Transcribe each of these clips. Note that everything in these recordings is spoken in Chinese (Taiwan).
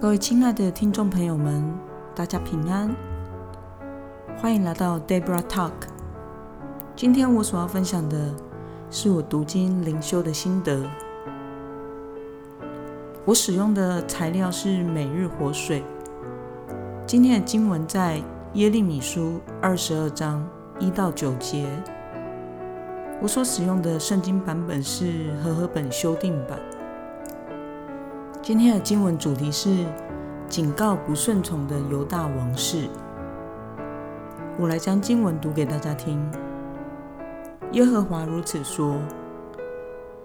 各位親愛的聽眾朋友們，大家平安，歡迎來到 Deborah Talk。今天我所要分享的是我讀經靈修的心得。我使用的材料是每日活水。今天的經文在耶利米書二十二章一到九節。我所使用的聖經版本是和合本修訂版。今天的經文主題是警告不順從的猶大王室。我來將經文讀給大家聽。耶和華如此說：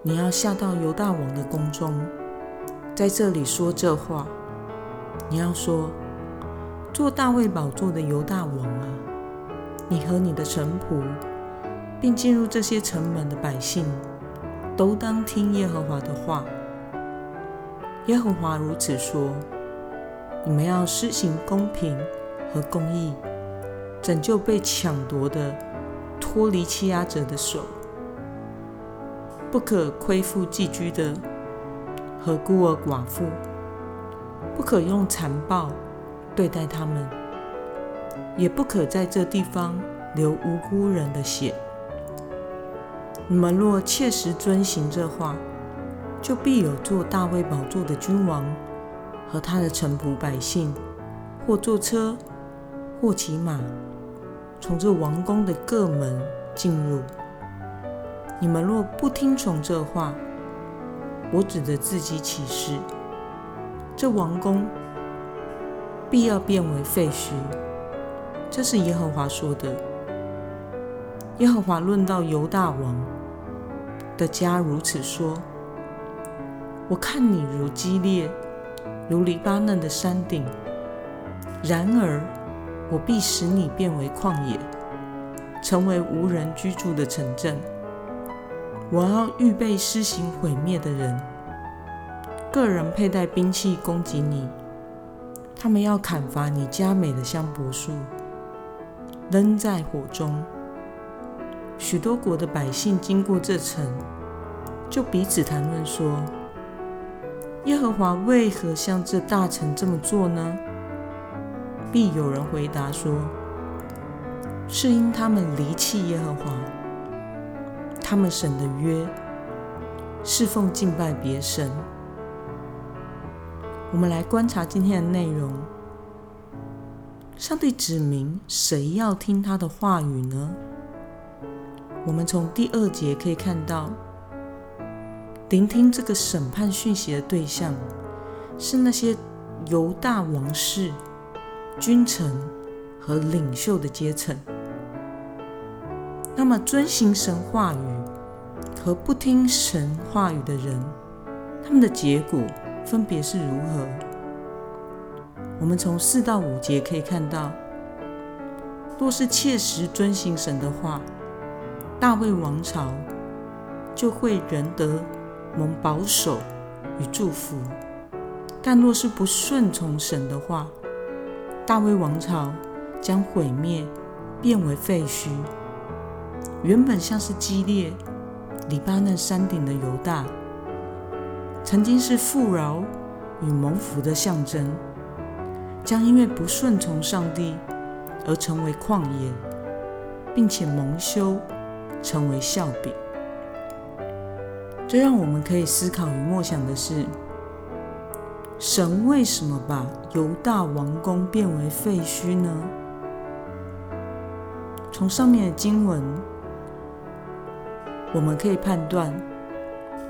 你要下到猶大王的宮中，在這裏說這話。你要說：坐大衛寶座的猶大王啊，你和你的臣僕，並進入這些城門的百姓，都當聽耶和華的話。耶和華如此說：你們要施行公平和公義，拯救被搶奪的、脫離欺壓者的手，不可虧負寄居的和孤兒寡婦，不可用殘暴對待他們，也不可在這地方流無辜人的血。你們若切實遵行這話，就必有坐大衛寶座的君王和他的臣僕百姓，或坐車，或騎馬，從這王宮的各門進入。你們若不聽從這話，我指着自己起誓，這王宮必要變為廢墟。這是耶和華說的。耶和華論到猶大王的家如此說。我看你如基列，如黎巴嫩的山頂；然而，我必使你變為曠野，成為無人居住的城鎮。我要預備施行毀滅的人，各人佩帶兵器攻擊你。他們要砍伐你佳美的香柏樹，扔在火中。許多國的百姓經過這城，就彼此談論說。耶和華為何向這大城這麼做呢？必有人回答說：“是因他們離棄耶和華，他們神的約，事奉敬拜別神。”我們來觀察今天的內容。上帝指明誰要聽他的話語呢？我們從第二節可以看到。聆聽這個審判訊息的對象是那些猶大王室、君臣和領袖的階層。那麼，遵行神話語和不聽神話語的人，他們的結果分別是如何？我們從四到五節可以看到，若是切實遵行神的話，大衛王朝就會仍得蒙保守與祝福，但若是不順從神的話，大衛王朝將毀滅，變為廢墟。原本像是基列黎巴嫩山頂的猶大，曾經是富饒與蒙福的象徵，將因為不順從上帝而成為曠野，並且蒙羞，成為笑柄。最讓我們可以思考與默想的是：神為什麼把猶大王宮變為廢墟呢？從上面的經文，我們可以判斷，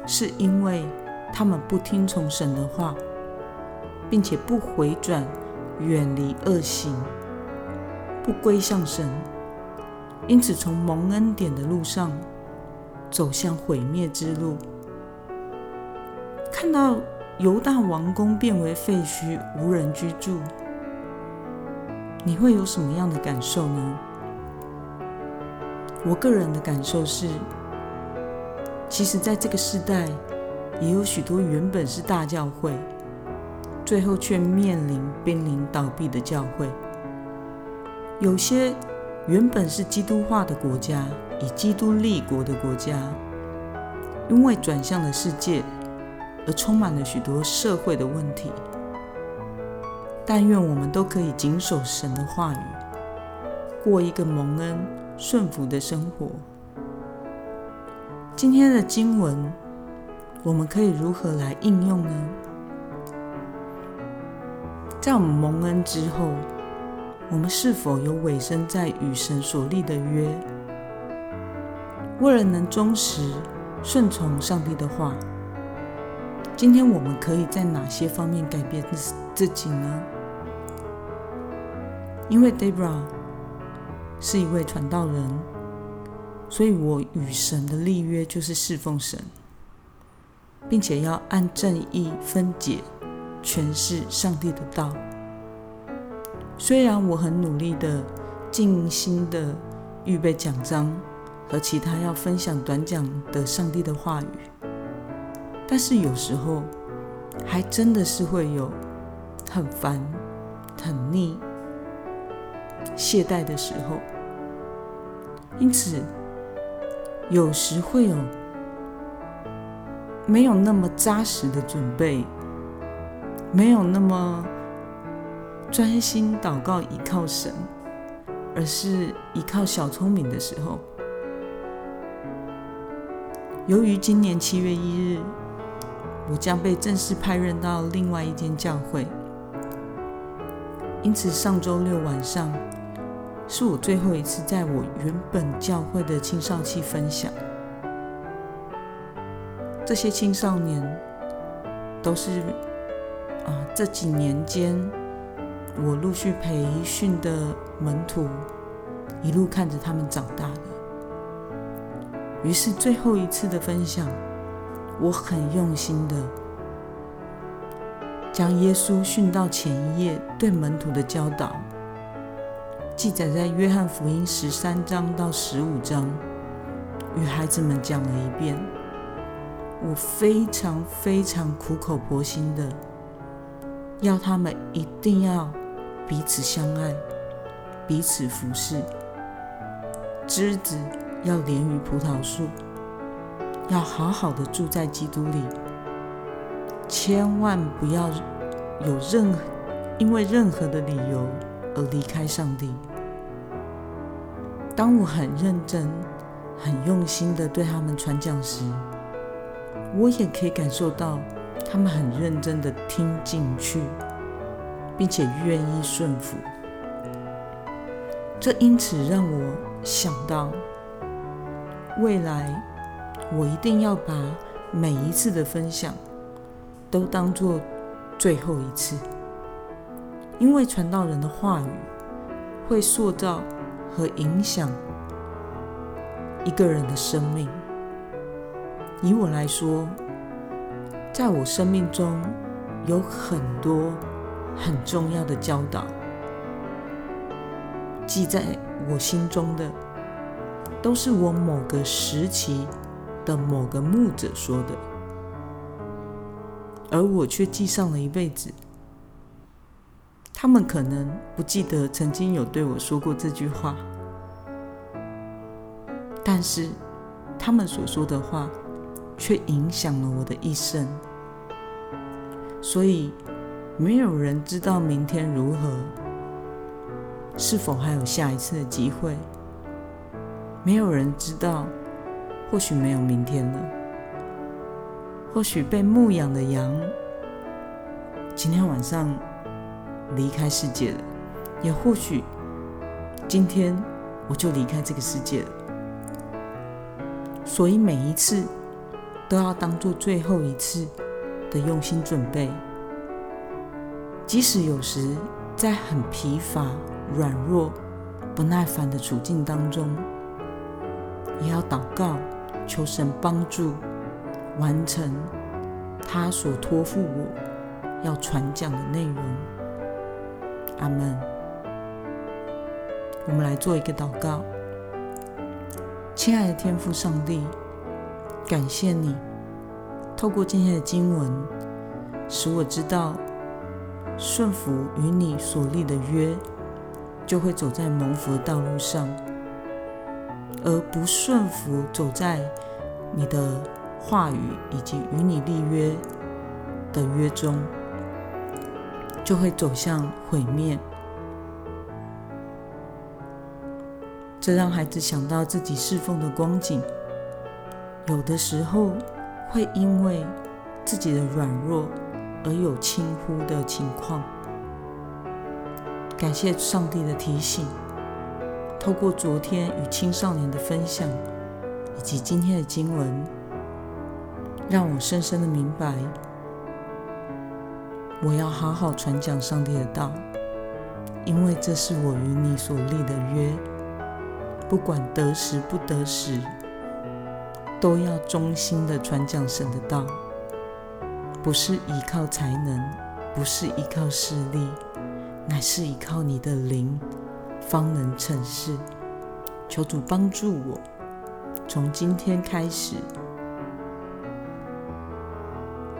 是因為他們不聽從神的話，並且不回轉、遠離惡行、不歸向神，因此從蒙恩典的路上走向毀滅之路。看到猶大王宮變為廢墟，無人居住，你會有什麼樣的感受呢？我個人的感受是，其實，在這個時代，也有許多原本是大教會，最後卻面臨瀕臨倒閉的教會。有些原本是基督化的國家，以基督立國的國家，因為轉向了世界。而充滿了許多社會的問題。但願我們都可以謹守神的話語，過一個蒙恩順服的生活。今天的經文，我們可以如何來應用呢？在我們蒙恩之後，我們是否有委身在與神所立的約？為了能忠實順從上帝的話。今天我們可以在哪些方面改變自己呢？因為 Deborah 是一位傳道人，所以我與神的立約就是侍奉神，並且要按正意分解詮釋上帝的道。雖然我很努力的、盡心的預備講章和其他要分享短講的上帝的話語。但是有時候，還真的是會有很煩、很膩、懈怠的時候，因此有時會有沒有那麼紮實的準備，沒有那麼專心禱告、依靠神，而是依靠小聰明的時候。由於今年七月一日。我將被正式派任到另外一間教會，因此上周六晚上是我最後一次在我原本教會的青少契分享。這些青少年都是啊這幾年間我陸續培訓的門徒，一路看着他們長大的。於是最後一次的分享。我很用心的將耶穌殉道前一夜，對門徒的教導，記載在約翰福音十三章到十五章，與孩子們講了一遍。我非常非常苦口婆心的，要他們一定要彼此相愛，彼此服侍。枝子要連於葡萄樹。要好好的住在基督裡，千萬不要有任何因為任何的理由而離開上帝。當我很認真、很用心的對他們傳講時，我也可以感受到他們很認真的聽進去，並且願意順服。這因此讓我想到未來。我一定要把每一次的分享都當作最後一次，因為傳道人的話語會塑造和影響一個人的生命。以我來說，在我生命中有很多很重要的教導，記在我心中的，都是我某個時期。的某個牧者說的，而我卻記上了一輩子。他們可能不記得曾經有對我說過這句話，但是他們所說的話卻影響了我的一生。所以，沒有人知道明天如何，是否還有下一次的機會？沒有人知道。或許沒有明天了，或許被牧養的羊今天晚上離開世界了，也或許今天我就離開這個世界了。所以每一次都要當做最後一次的用心準備，即使有時在很疲乏、軟弱、不耐煩的處境當中。也要禱告，求神幫助完成他所託付我要傳講的內容。阿門。我們來做一個禱告，親愛的天父上帝，感謝你透過今天的經文，使我知道順服與你所立的約，就會走在蒙福的道路上。而不順服走在你的話語以及與你立約的約中，就會走向毀滅。這讓孩子想到自己侍奉的光景，有的時候會因為自己的軟弱而有輕忽的情況。感謝上帝的提醒。透過昨天與青少年的分享，以及今天的經文，讓我深深的明白，我要好好傳講上帝的道，因為這是我與你所立的約，不管得時不得時，都要忠心的傳講神的道，不是依靠才能，不是依靠勢力，乃是依靠你的靈，方能成事。求主幫助我，從今天開始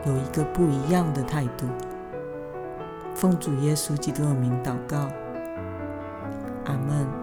有一個不一樣的態度。奉主耶穌基督的名禱告，阿門。